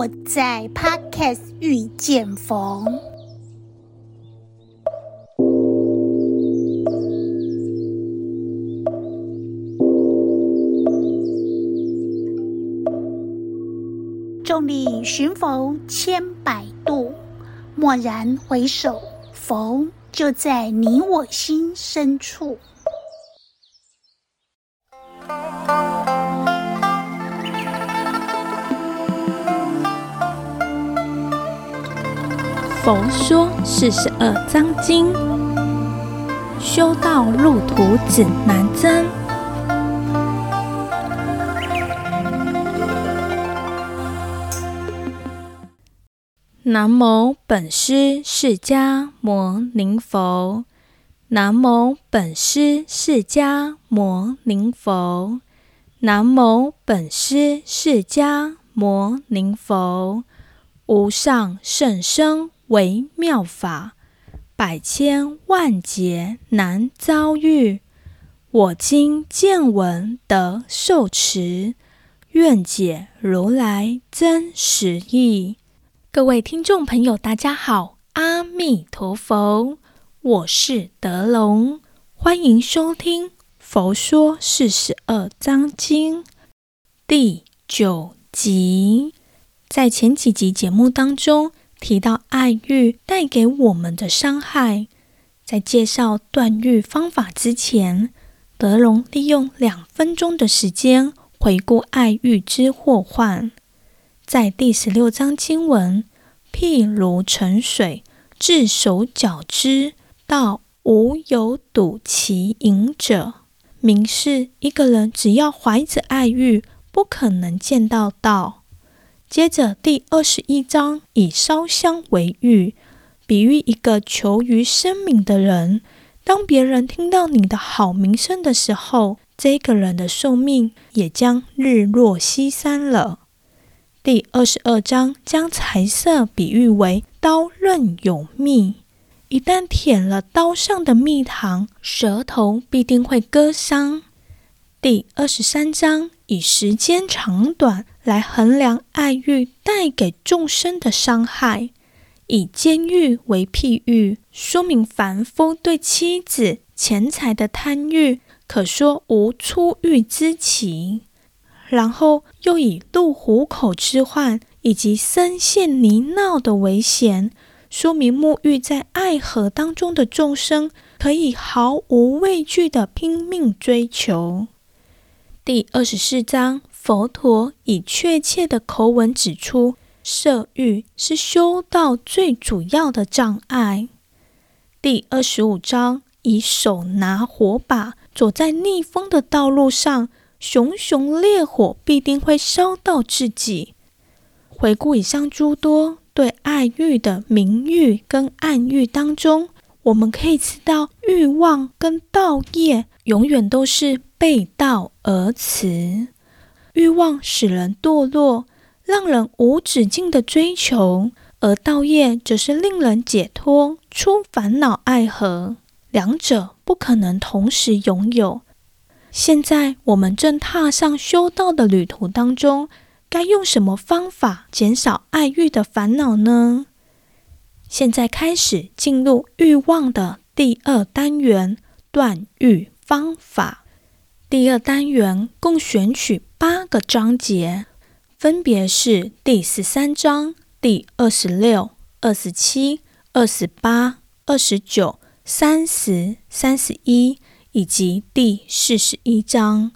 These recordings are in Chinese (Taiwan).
我在 Podcast 遇見佛，眾裡尋佛千百度，驀然回首，佛就在你我心深處。佛說四十二章經，修道路途指南針。南無本師釋迦牟尼佛，南無本師釋迦牟尼佛，南無本師釋迦牟尼佛，佛，無上甚深。為妙法，百千萬劫難遭遇。我今見聞得受持，願解如來真實義。各位聽眾朋友，大家好，阿彌陀佛，我是德龍，歡迎收聽《佛說四十二章經》第九集。在前幾集節目當中。提到愛欲帶給我們的傷害，在介紹斷欲方法之前，德隆利用兩分鐘的時間回顧愛欲之禍患。在第十六章經文，譬如澄水，致手攪之，道無有睹其影者，明示一個人只要懷着愛欲，不可能見到道。接着第二十一章以燒香為喻，比喻一個求於生命的人，當別人聽到你的好名聲的時候，這個人的壽命也將日落西山了。第二十二章將財色比喻為刀刃有蜜，一旦舔了刀上的蜜糖，舌頭必定會割傷。第二十三章以時間長短，來衡量愛欲帶給眾生的傷害，以監獄為譬喻，說明凡夫對妻子、錢財的貪欲，可說無出獄之情。然後又以入虎口之患，以及深陷泥淖的危險，說明沐浴在愛河當中的眾生，可以毫無畏懼的拼命追求。第二十四章。佛陀以確切的口吻指出，色欲是修道最主要的障礙。第二十五章：以手拿火把，走在逆風的道路上，熊熊烈火必定會燒到自己。回顧以上諸多對愛欲的明喻跟暗喻當中，我們可以知道，欲望跟道業永遠都是背道而馳。欲望使人墮落，讓人無止境的追求；而道業則是令人解脫出煩惱愛河。兩者不可能同時擁有。現在我們正踏上修道的旅途當中，該用什麼方法減少愛欲的煩惱呢？現在開始進入欲望的第二單元——斷欲方法。第二單元共選取。八個章節分別是第十三章、第二十六、二十七、二十八、二十九、三十、三十一以及第四十一章。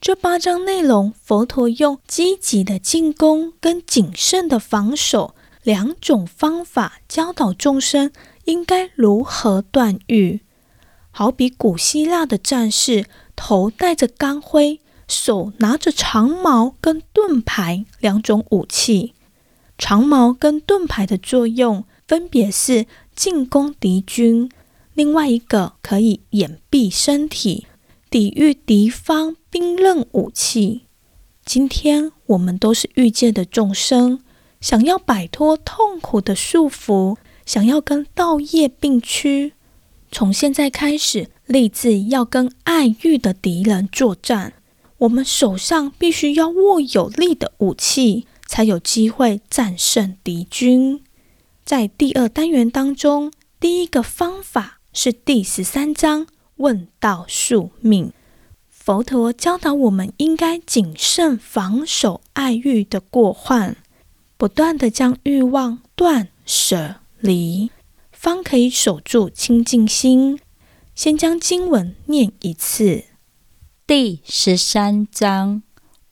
這八章內容，佛陀用積極的進攻跟謹慎的防守兩種方法教導眾生應該如何斷欲。好比古希臘的戰士頭戴着鋼盔。手拿着長矛跟盾牌兩種武器，長矛跟盾牌的作用分別是進攻敵軍，另外一個可以掩蔽身體，抵禦敵方兵刃武器。今天我們都是欲界的眾生，想要擺脫痛苦的束縛，想要跟道業並驅，從現在開始立志要跟愛欲的敵人作戰。我們手上必須要握有力的武器，才有機會戰勝敵軍。在第二單元當中，第一個方法是第十三章“問道宿命”。佛陀教導我們應該謹慎防守愛欲的過患，不斷地將欲望斷捨離，方可以守住清淨心。先將經文念一次。第十三章：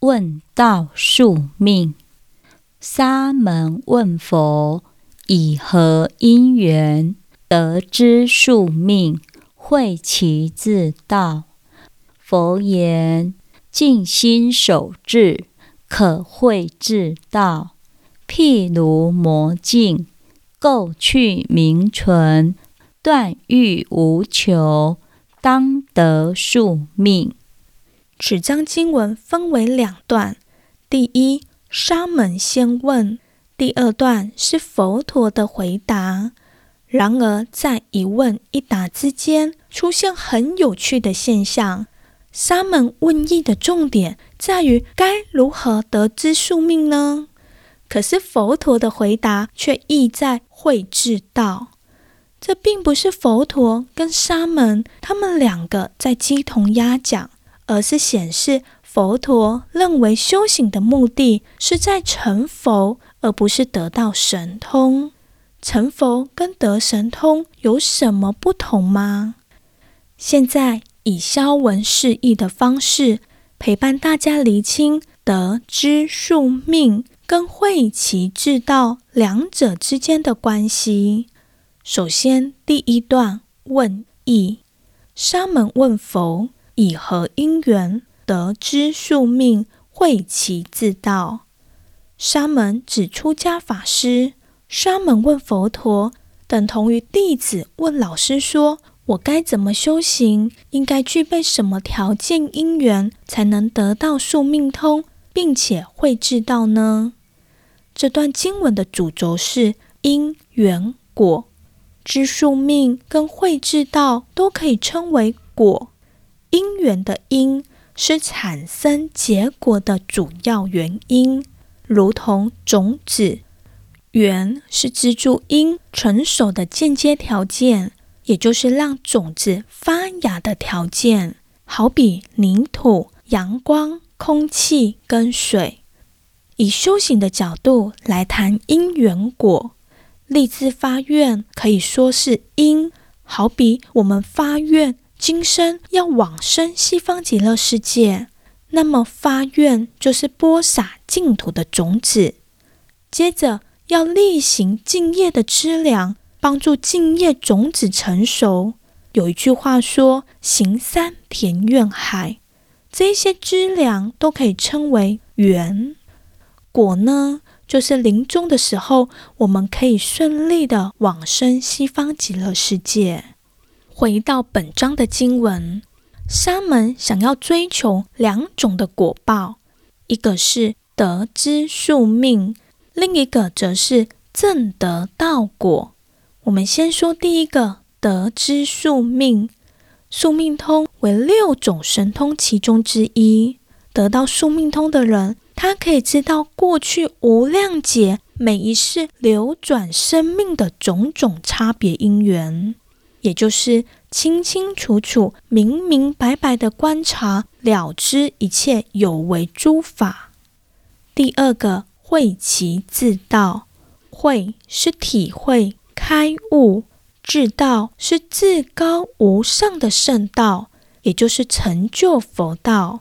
問道宿命。沙門問佛：“以何因緣，得知宿命，會其至道？”佛言：“淨心守志，可會至道。譬如磨鏡，垢去明存，斷欲無求，當得宿命。”此章經文分為兩段，第一，沙門先問；第二段是佛陀的回答。然而，在一問一答之間，出現很有趣的現象。沙門問意的重點在於該如何得知宿命呢？可是佛陀的回答卻意在會至道。這并不是佛陀跟沙門他們兩個在雞同鴨講。而是顯示佛陀認為修行的目的是在成佛，而不是得到神通。成佛跟得神通有什麼不同嗎？現在以消文釋義的方式陪伴大家釐清得知宿命跟會其至道兩者之間的關係。首先，第一段問義，沙門問佛。以何因緣得知宿命，會其至道？沙門指出家法師。沙門問佛陀，等同於弟子問老師說，說我該怎麼修行？應該具備什麼條件因緣，才能得到宿命通，並且會至道呢？這段經文的主軸是因緣果，知宿命跟會至道都可以稱為果。因緣的因是產生結果的主要原因，如同種子；緣是資助因成熟的間接條件，也就是讓種子發芽的條件，好比泥土、陽光、空氣跟水。以修行的角度來談因緣果，立志發願可以說是因，好比我們發願。今生要往生西方極樂世界，那麼發願就是播撒淨土的種子，接着要力行淨業的資糧，幫助淨業種子成熟。有一句話說：“行三田願海”，這些資糧都可以稱為緣。果呢，就是臨終的時候，我們可以順利的往生西方極樂世界。回到本章的經文，沙門想要追求兩種的果報，一個是得知宿命，另一個則是正得道果。我們先說第一個得知宿命，宿命通為六種神通其中之一。得到宿命通的人，他可以知道過去無量劫每一世流轉生命的種種差別因緣。也就是清清楚楚、明明白白地觀察了知一切有為諸法。第二個會其至道，會是體會開悟，至道是至高無上的聖道，也就是成就佛道。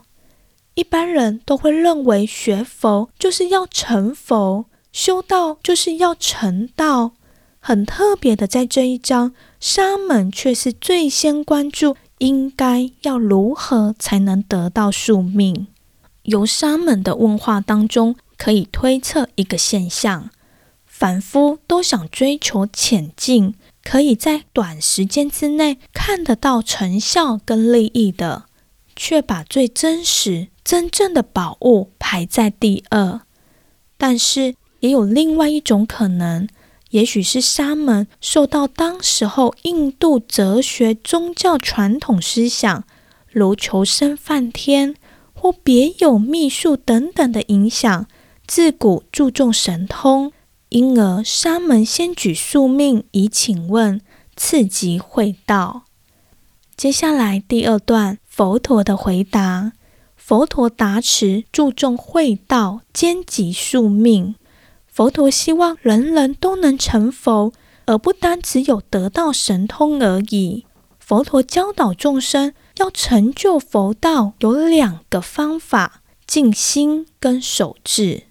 一般人都會認為學佛就是要成佛，修道就是要成道。很特別的，在這一章。沙門卻是最先關注應該要如何才能得到宿命。由沙門的問話當中，可以推測一個現象：凡夫都想追求淺近，可以在短時間之內看得到成效跟利益的，卻把最真實、真正的寶物排在第二。但是，也有另外一種可能。也許是沙門受到當時候印度哲學、宗教傳統思想，如求生梵天或別有秘術等等的影響，自古注重神通，因而沙門先舉宿命以請問，次及會道。接下來第二段佛陀的回答，佛陀答詞注重會道，兼及宿命。佛陀希望人人都能成佛，而不單只有得到神通而已。佛陀教導眾生要成就佛道，有兩個方法：淨心跟守志。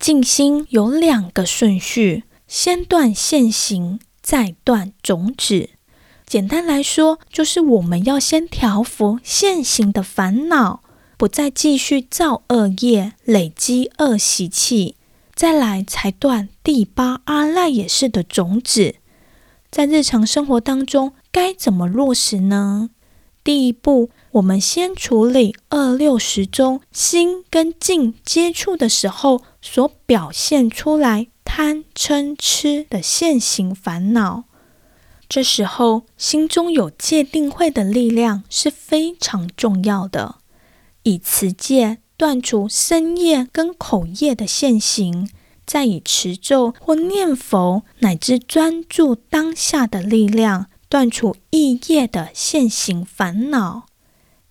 淨心有兩個順序，先斷現行，再斷種子。簡單來說，就是我們要先調伏現行的煩惱，不再繼續造惡業，累積惡習氣。再來才斷第八阿賴耶識的種子，在日常生活當中該怎麼落實呢？第一步，我們先處理二六時中，心跟境接觸的時候所表現出來貪嗔痴、痴的現行煩惱，這時候心中有戒定慧的力量是非常重要的，以持戒，斷除身業跟口業的現行，再以持咒或念佛乃至專注當下的力量，斷除意業的現行煩惱。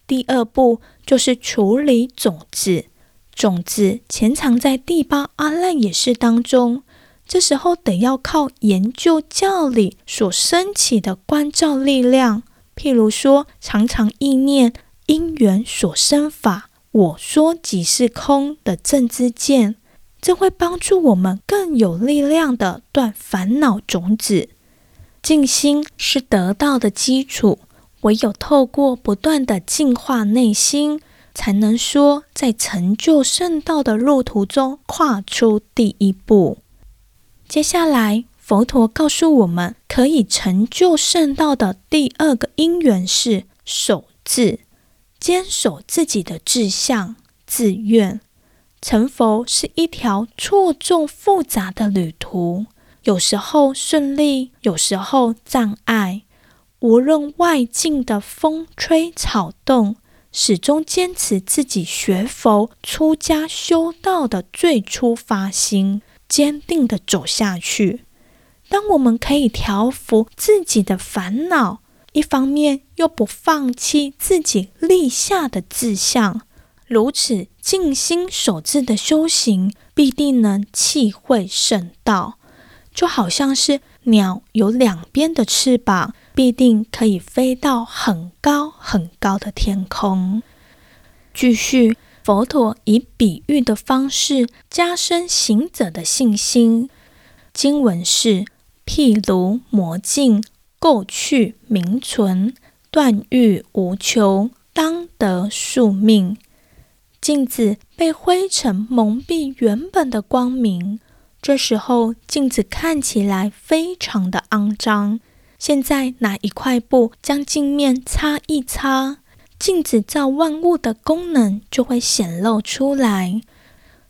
第二步就是處理種子，種子潛藏在第八阿賴耶識當中。這時候得要靠研究教理所升起的觀照力量，譬如說常常意念因緣所生法，我說即是空的正知見，這會幫助我們更有力量地斷煩惱種子。淨心是得道的基礎，唯有透過不斷的淨化內心，才能說在成就聖道的路途中跨出第一步。接下來，佛陀告訴我們可以成就聖道的第二個因緣是守志。堅守自己的志向、志願。成佛是一條錯綜複雜的旅途，有時候順利，有時候障礙。無論外境的風吹草動，始終堅持自己學佛、出家修道的最初發心，堅定的走下去。當我們可以調伏自己的煩惱，一方面又不放棄自己立下的志向，如此淨心守志的修行，必定能契會聖道。就好像是鳥有兩邊的翅膀，必定可以飛到很高很高的天空。繼續，佛陀以比喻的方式加深行者的信心。經文是：譬如磨鏡。垢去明存，斷欲無求，當得宿命。鏡子被灰塵蒙蔽原本的光明，這時候鏡子看起來非常的骯髒。現在拿一塊布將鏡面擦一擦，鏡子照萬物的功能就會顯露出來。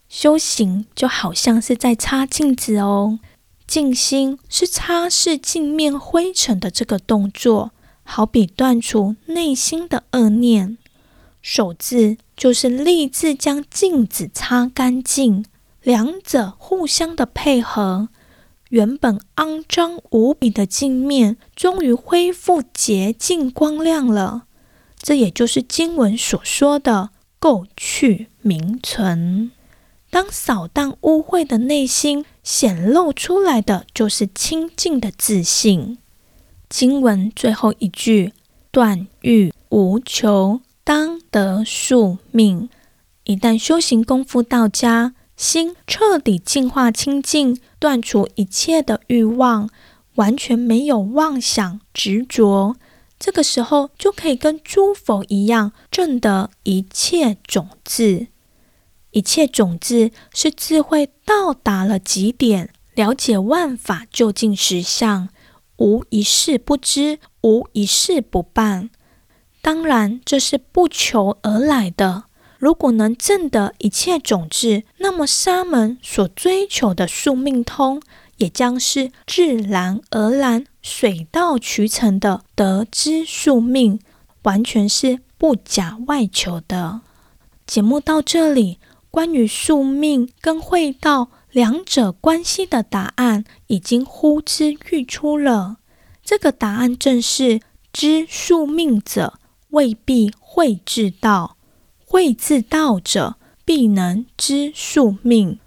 修行就好像是在擦鏡子哦。淨心是擦拭鏡面灰塵的這個動作，好比斷除內心的惡念；守志就是立志將鏡子擦乾淨。兩者互相的配合，原本骯髒無比的鏡面，終於恢復潔淨光亮了。這也就是經文所說的垢去明存。當掃蕩污穢的內心顯露出來的，就是清淨的自信。經文最後一句，斷欲無求，當得宿命。一旦修行功夫到家，心徹底淨化清淨，斷除一切的欲望，完全沒有妄想執着，這個時候就可以跟諸佛一樣，證得一切種智。一切種子是智慧到達了極點，了解萬法究竟實相，無一事不知，無一事不辦。當然，這是不求而來的。如果能證得一切種子，那麼沙門所追求的宿命通，也將是自然而然、水到渠成的，得知宿命，完全是不假外求的。節目到這裡。關於宿命跟會道兩者關係的答案已經呼之欲出了。這個答案正是知宿命者未必會至道，會至道者必能知宿命。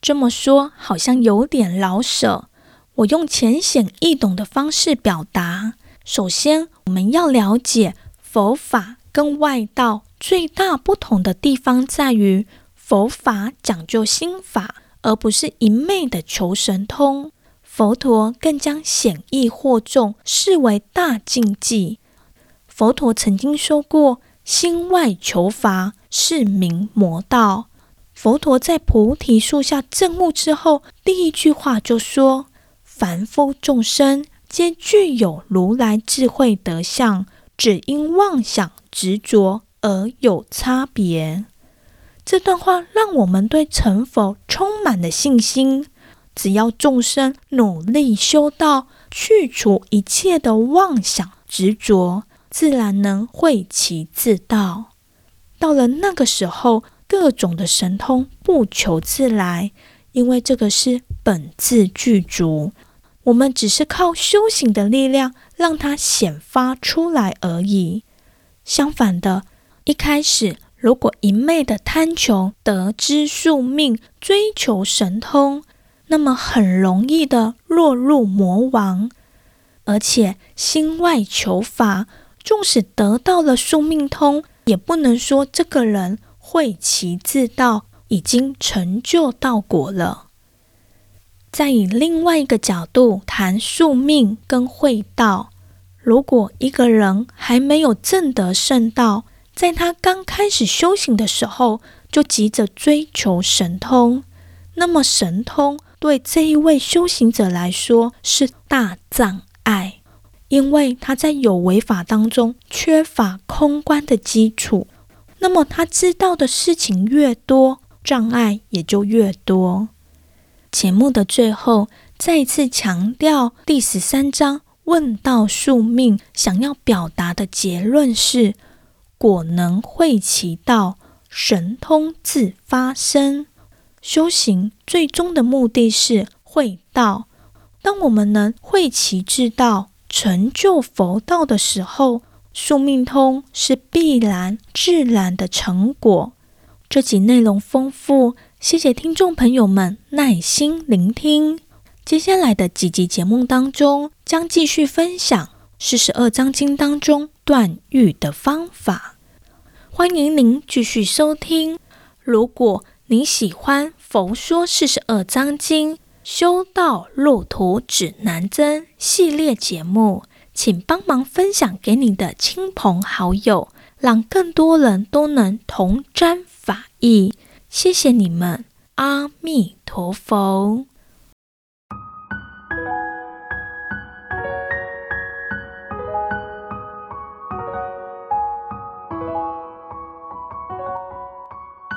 這麼說好像有點老舍，我用淺顯易懂的方式表達。首先，我們要了解佛法跟外道最大不同的地方在於。佛法講究心法，而不是一昧的求神通。佛陀更將顯異惑眾視為大禁忌。佛陀曾經說過：“心外求法，是名魔道。”佛陀在菩提樹下證悟之後，第一句話就說：“凡夫眾生皆具有如來智慧德相，只因妄想執着而有差別。”這段話讓我們對成佛充滿了信心。只要眾生努力修道，去除一切的妄想執着，自然能會其至道。到了那個時候，各種的神通不求自來，因為這個是本自具足。我們只是靠修行的力量，讓它顯發出來而已。相反的，一開始。如果一味的貪求，得知宿命，追求神通，那麼很容易的落入魔網，而且心外求法，縱使得到了宿命通，也不能說這個人會其至道，已經成就道果了。再以另外一個角度談宿命跟會道，如果一個人還沒有證得聖道，在他剛開始修行的時候，就急着追求神通。那麼，神通對這一位修行者來說是大障礙，因為他在有為法當中缺乏空觀的基礎。那麼，他知道的事情越多，障礙也就越多。節目的最後，再一次強調第十三章“問道宿命”想要表達的結論是。果能會其道，神通自發生。修行最終的目的是會道。當我們能會其至道，成就佛道的時候，宿命通是必然自然的成果。這集內容豐富，謝謝聽眾朋友們耐心聆聽。接下來的幾集節目當中，將繼續分享《四十二章經》當中斷欲的方法。歡迎您繼續收聽。如果您喜歡《佛說四十二章經·修道路途指南針》系列節目，請幫忙分享給你的親朋好友，讓更多人都能同沾法益。謝謝你們，阿彌陀佛。